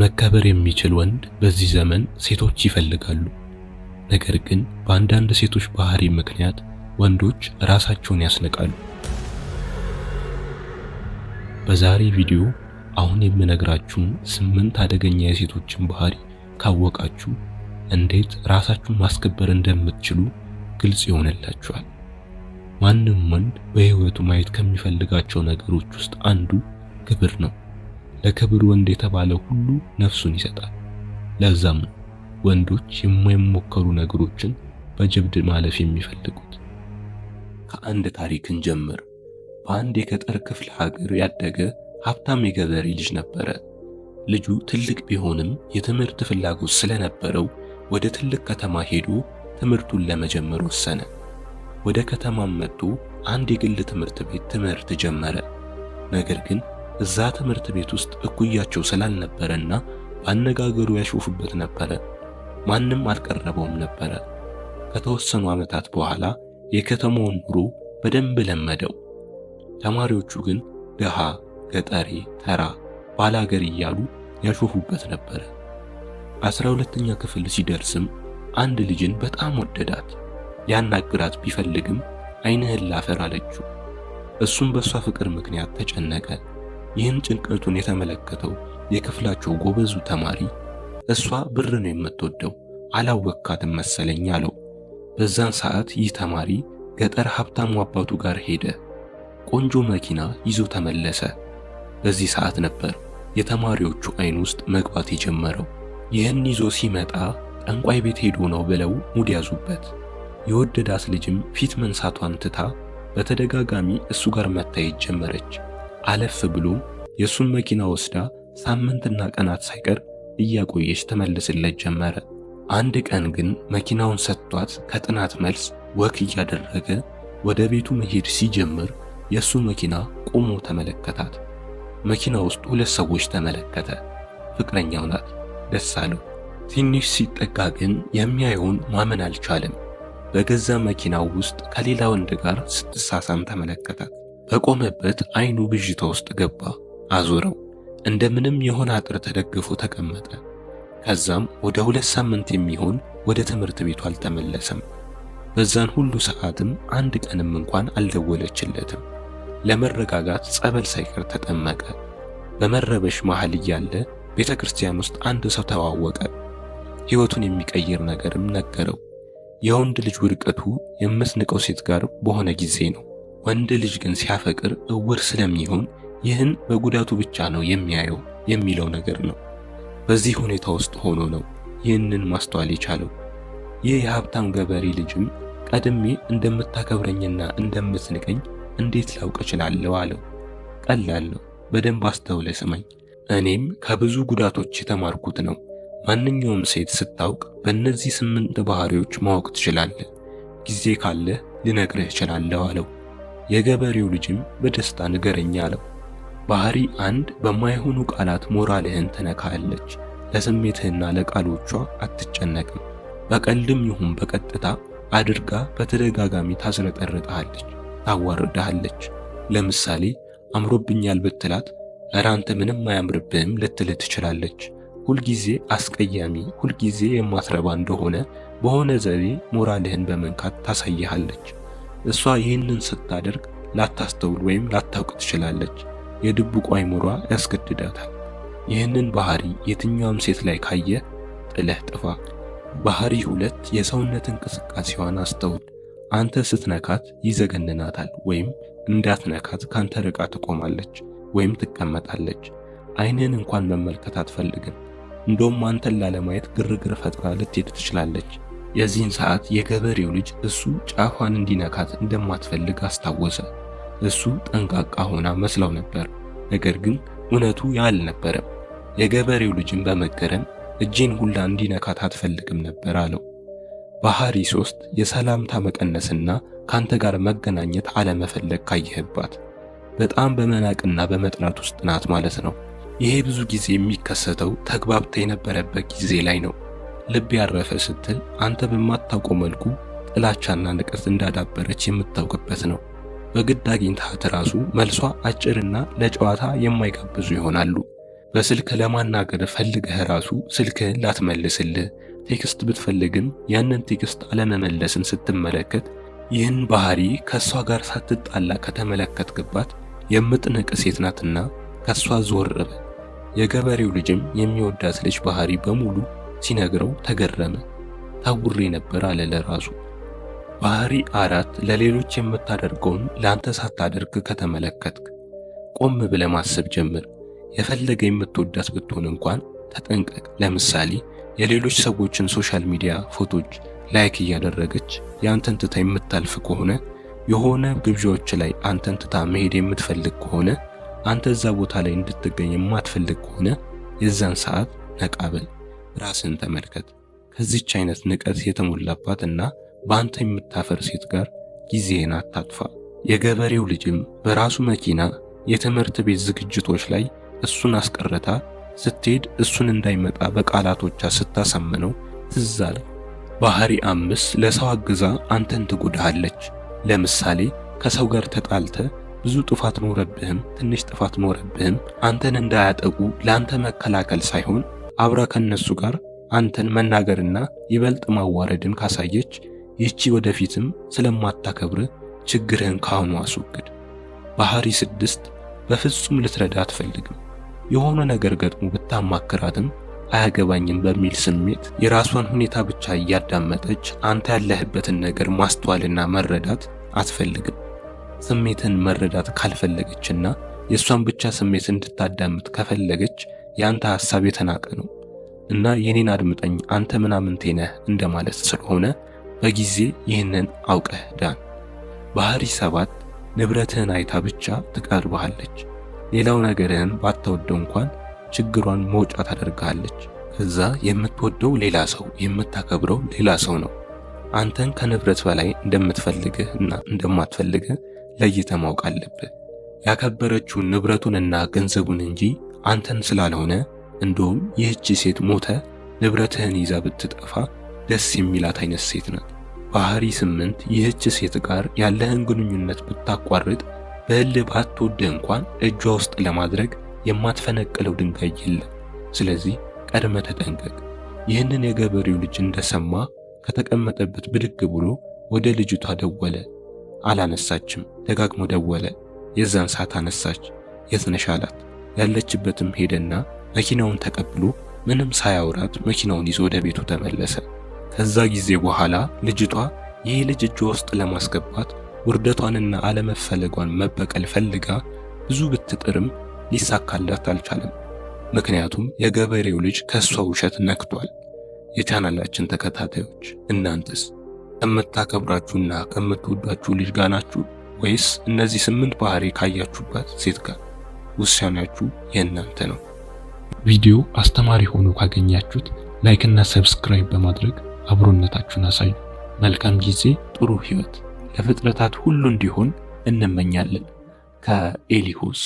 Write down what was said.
መከበር የሚችል ወንድ በዚህ ዘመን ሴቶች ይፈልጋሉ። ነገር ግን በአንዳንድ ሴቶች ባህሪ ምክንያት ወንዶች ራሳቸውን ያስንቃሉ። በዛሬ ቪዲዮ አሁን የምነግራችሁን ስምንት አደገኛ የሴቶችን ባህሪ ካወቃችሁ እንዴት ራሳችሁን ማስከበር እንደምትችሉ ግልጽ ይሆንላችኋል። ማንም ወንድ በህይወቱ ማየት ከሚፈልጋቸው ነገሮች ውስጥ አንዱ ክብር ነው። ለክብር ወንድ የተባለ ሁሉ ነፍሱን ይሰጣል። ለዛም ነው ወንዶች የማይሞከሩ ነገሮችን በጀብድ ማለፍ የሚፈልጉት። ከአንድ ታሪክን ጀምር። በአንድ የገጠር ክፍለ ሀገር ያደገ ሀብታም የገበሬ ልጅ ነበረ። ልጁ ትልቅ ቢሆንም የትምህርት ፍላጎት ስለነበረው ወደ ትልቅ ከተማ ሄዶ ትምህርቱን ለመጀመር ወሰነ። ወደ ከተማም መጥቶ አንድ የግል ትምህርት ቤት ትምህርት ጀመረ። ነገር ግን እዛ ትምህርት ቤት ውስጥ እኩያቸው ስላልነበረና በአነጋገሩ ያሾፉበት ነበረ። ማንም አልቀረበውም ነበረ። ከተወሰኑ ዓመታት በኋላ የከተማውን ኑሮ በደንብ ለመደው። ተማሪዎቹ ግን ድሃ፣ ገጠሬ፣ ተራ፣ ባላገር እያሉ ያሾፉበት ነበረ። አስራ ሁለተኛ ክፍል ሲደርስም አንድ ልጅን በጣም ወደዳት። ሊያናግራት ቢፈልግም ዓይንህን ላፈር አለችው። እሱም በእሷ ፍቅር ምክንያት ተጨነቀ። ይህን ጭንቀቱን የተመለከተው የክፍላቸው ጎበዙ ተማሪ እሷ ብር ነው የምትወደው አላወካትም መሰለኝ አለው። በዛን ሰዓት ይህ ተማሪ ገጠር ሀብታሙ አባቱ ጋር ሄደ። ቆንጆ መኪና ይዞ ተመለሰ። በዚህ ሰዓት ነበር የተማሪዎቹ አይን ውስጥ መግባት የጀመረው። ይህን ይዞ ሲመጣ ጠንቋይ ቤት ሄዶ ነው ብለው ሙድ ያዙበት። የወደዳት ልጅም ፊት መንሳቷን ትታ በተደጋጋሚ እሱ ጋር መታየት ጀመረች። አለፍ ብሎ የሱን መኪና ወስዳ ሳምንትና ቀናት ሳይቀር እያቆየች ትመልስለት ጀመረ። አንድ ቀን ግን መኪናውን ሰጥቷት ከጥናት መልስ ወክ እያደረገ ወደ ቤቱ መሄድ ሲጀምር የሱ መኪና ቆሞ ተመለከታት። መኪና ውስጥ ሁለት ሰዎች ተመለከተ። ፍቅረኛው ናት፣ ደስ አለው። ትንሽ ሲጠጋ ግን የሚያየውን ማመን አልቻለም። በገዛ መኪናው ውስጥ ከሌላ ወንድ ጋር ስትሳሳም ተመለከታት። በቆመበት አይኑ ብዥታ ውስጥ ገባ። አዞረው። እንደምንም የሆነ አጥር ተደግፎ ተቀመጠ። ከዛም ወደ ሁለት ሳምንት የሚሆን ወደ ትምህርት ቤቱ አልተመለሰም። በዛን ሁሉ ሰዓትም አንድ ቀንም እንኳን አልደወለችለትም። ለመረጋጋት ጸበል ሳይቀር ተጠመቀ። በመረበሽ መሃል እያለ ቤተ ክርስቲያን ውስጥ አንድ ሰው ተዋወቀ። ሕይወቱን የሚቀይር ነገርም ነገረው። የወንድ ልጅ ውድቀቱ የምትንቀው ሴት ጋር በሆነ ጊዜ ነው። ወንድ ልጅ ግን ሲያፈቅር እውር ስለሚሆን ይህን በጉዳቱ ብቻ ነው የሚያየው የሚለው ነገር ነው። በዚህ ሁኔታ ውስጥ ሆኖ ነው ይህንን ማስተዋል የቻለው። ይህ የሀብታም ገበሬ ልጅም ቀድሜ እንደምታከብረኝና እንደምትንቀኝ እንዴት ላውቅ እችላለሁ? አለው። ቀላል ነው፣ በደንብ አስተውለ ስማኝ። እኔም ከብዙ ጉዳቶች የተማርኩት ነው። ማንኛውም ሴት ስታውቅ በእነዚህ ስምንት ባህሪዎች ማወቅ ትችላለህ። ጊዜ ካለህ ልነግርህ እችላለሁ አለው። የገበሬው ልጅም በደስታ ንገረኝ አለው። ባህሪ አንድ በማይሆኑ ቃላት ሞራልህን ትነካለች። ለስሜትህና ለቃሎቿ አትጨነቅም። በቀልድም ይሁን በቀጥታ አድርጋ በተደጋጋሚ ታዝነጠርጥሃለች፣ ታዋርድሃለች። ለምሳሌ አምሮብኛል ብትላት እረ አንተ ምንም አያምርብህም ልትልህ ትችላለች። ሁልጊዜ አስቀያሚ፣ ሁልጊዜ የማትረባ እንደሆነ በሆነ ዘዴ ሞራልህን በመንካት ታሳይሃለች። እሷ ይህንን ስታደርግ ላታስተውል ወይም ላታውቅ ትችላለች። የድብቁ አይምሯ ያስገድዳታል። ይህንን ባህሪ የትኛውም ሴት ላይ ካየ ጥለህ ጥፋ። ባህሪ ሁለት የሰውነት እንቅስቃሴዋን አስተውል። አንተ ስትነካት ይዘገንናታል ወይም እንዳትነካት ካንተ ርቃ ትቆማለች ወይም ትቀመጣለች። አይንን እንኳን መመልከት አትፈልግም። እንደውም አንተን ላለማየት ግርግር ፈጥራ ልትሄድ ትችላለች። የዚህን ሰዓት የገበሬው ልጅ እሱ ጫፏን እንዲነካት እንደማትፈልግ አስታወሰ። እሱ ጠንቃቃ ሆና መስለው ነበር፣ ነገር ግን እውነቱ ያ የገበሬው ልጅን በመገረም እጄን ሁላ እንዲነካት አትፈልግም ነበር አለው። ባህሪ ሶስት የሰላምታ መቀነስና ካንተ ጋር መገናኘት አለመፈለግ ካየህባት በጣም በመናቅና በመጥላት ውስጥ ናት ማለት ነው። ይሄ ብዙ ጊዜ የሚከሰተው ተግባብታ የነበረበት ጊዜ ላይ ነው። ልብ ያረፈ ስትል አንተ በማታውቀው መልኩ ጥላቻና ንቀት እንዳዳበረች የምታውቅበት ነው። በግድ አግኝታት ራሱ መልሷ አጭርና ለጨዋታ የማይጋብዙ ይሆናሉ። በስልክ ለማናገር ፈልገህ ራሱ ስልክህን ላትመልስልህ፣ ቴክስት ብትፈልግም ያንን ቴክስት አለመመለስን ስትመለከት ይህን ባህሪ ከእሷ ጋር ሳትጣላ ከተመለከትክባት የምትንቅ ሴት ናትና ከእሷ ዞር በል። የገበሬው ልጅም የሚወዳት ልጅ ባህሪ በሙሉ ሲነግረው ተገረመ። ታውሬ ነበር አለ ለራሱ። ባህሪ አራት ለሌሎች የምታደርገውን ለአንተ ሳታደርግ ከተመለከትክ ቆም ብለ ማሰብ ጀምር። የፈለገ የምትወዳት ብትሆን እንኳን ተጠንቀቅ። ለምሳሌ የሌሎች ሰዎችን ሶሻል ሚዲያ ፎቶች ላይክ እያደረገች የአንተን ትታ የምታልፍ ከሆነ የሆነ ግብዣዎች ላይ አንተን ትታ መሄድ የምትፈልግ ከሆነ አንተ እዛ ቦታ ላይ እንድትገኝ የማትፈልግ ከሆነ የዛን ሰዓት ነቃበል። ራስን ተመልከት። ከዚች አይነት ንቀት የተሞላባት እና በአንተ የምታፈር ሴት ጋር ጊዜን አታጥፋ። የገበሬው ልጅም በራሱ መኪና የትምህርት ቤት ዝግጅቶች ላይ እሱን አስቀርታ ስትሄድ እሱን እንዳይመጣ በቃላቶቿ ስታሳምነው ትዝ አለ። ባህሪ አምስት ለሰው አግዛ አንተን ትጎዳሃለች። ለምሳሌ ከሰው ጋር ተጣልተ ብዙ ጥፋት ኖረብህም ትንሽ ጥፋት ኖረብህም አንተን እንዳያጠቁ ለአንተ መከላከል ሳይሆን አብራ ከነሱ ጋር አንተን መናገርና ይበልጥ ማዋረድን ካሳየች ይቺ ወደፊትም ስለማታከብር ችግርህን ካሁኑ አስወግድ። ባህሪ ስድስት በፍጹም ልትረዳ አትፈልግም። የሆነ ነገር ገጥሞ ብታማክራትም አያገባኝም በሚል ስሜት የራሷን ሁኔታ ብቻ እያዳመጠች አንተ ያለህበትን ነገር ማስተዋልና መረዳት አትፈልግም። ስሜትን መረዳት ካልፈለገችና የእሷን ብቻ ስሜት እንድታዳምጥ ከፈለገች ያንተ ሐሳብ የተናቀ ነው እና የኔን አድምጠኝ አንተ ምናምንቴ ነህ እንደማለት ስለሆነ በጊዜ ይህንን አውቀህ ዳን። ባህሪ ሰባት ንብረትህን አይታ ብቻ ትቀርብሃለች። ሌላው ነገርህን ባታወደው እንኳን ችግሯን መውጫ ታደርግሃለች። ከዛ የምትወደው ሌላ ሰው፣ የምታከብረው ሌላ ሰው ነው። አንተን ከንብረት በላይ እንደምትፈልግህ እና እንደማትፈልግህ ለይተህ ማወቅ አለብህ። ያከበረችውን ንብረቱንና ገንዘቡን እንጂ አንተን ስላልሆነ እንደውም ይህች ሴት ሞተ ንብረትህን ይዛ ብትጠፋ ደስ የሚላት አይነት ሴት ናት። ባህሪ ስምንት ይህች ሴት ጋር ያለህን ግንኙነት ብታቋርጥ በእልህ ባትወድ እንኳን እጇ ውስጥ ለማድረግ የማትፈነቅለው ድንጋይ የለም። ስለዚህ ቀድመ ተጠንቀቅ። ይህንን የገበሬው ልጅ እንደሰማ ከተቀመጠበት ብድግ ብሎ ወደ ልጅቷ ደወለ። አላነሳችም። ደጋግሞ ደወለ። የዛን ሰዓት አነሳች። የት ነሽ አላት። ያለችበትም ሄደና መኪናውን ተቀብሎ ምንም ሳያውራት መኪናውን ይዞ ወደ ቤቱ ተመለሰ። ከዛ ጊዜ በኋላ ልጅቷ ይህ ልጅ እጇ ውስጥ ለማስገባት ውርደቷንና አለመፈለጓን መበቀል ፈልጋ ብዙ ብትጥርም ሊሳካላት አልቻለም። ምክንያቱም የገበሬው ልጅ ከሷ ውሸት ነክቷል። የቻናላችን ተከታታዮች እናንተስ ከምታከብራችሁና ከምትወዷችሁ ልጅ ጋር ናችሁ ወይስ እነዚህ ስምንት ባህሪ ካያችሁባት ሴት ጋር? ውሳኔያችሁ የእናንተ ነው። ቪዲዮ አስተማሪ ሆኖ ካገኛችሁት ላይክና ሰብስክራይብ በማድረግ አብሮነታችሁን አሳዩ። መልካም ጊዜ፣ ጥሩ ህይወት ለፍጥረታት ሁሉ እንዲሆን እንመኛለን። ከኤሊሆስ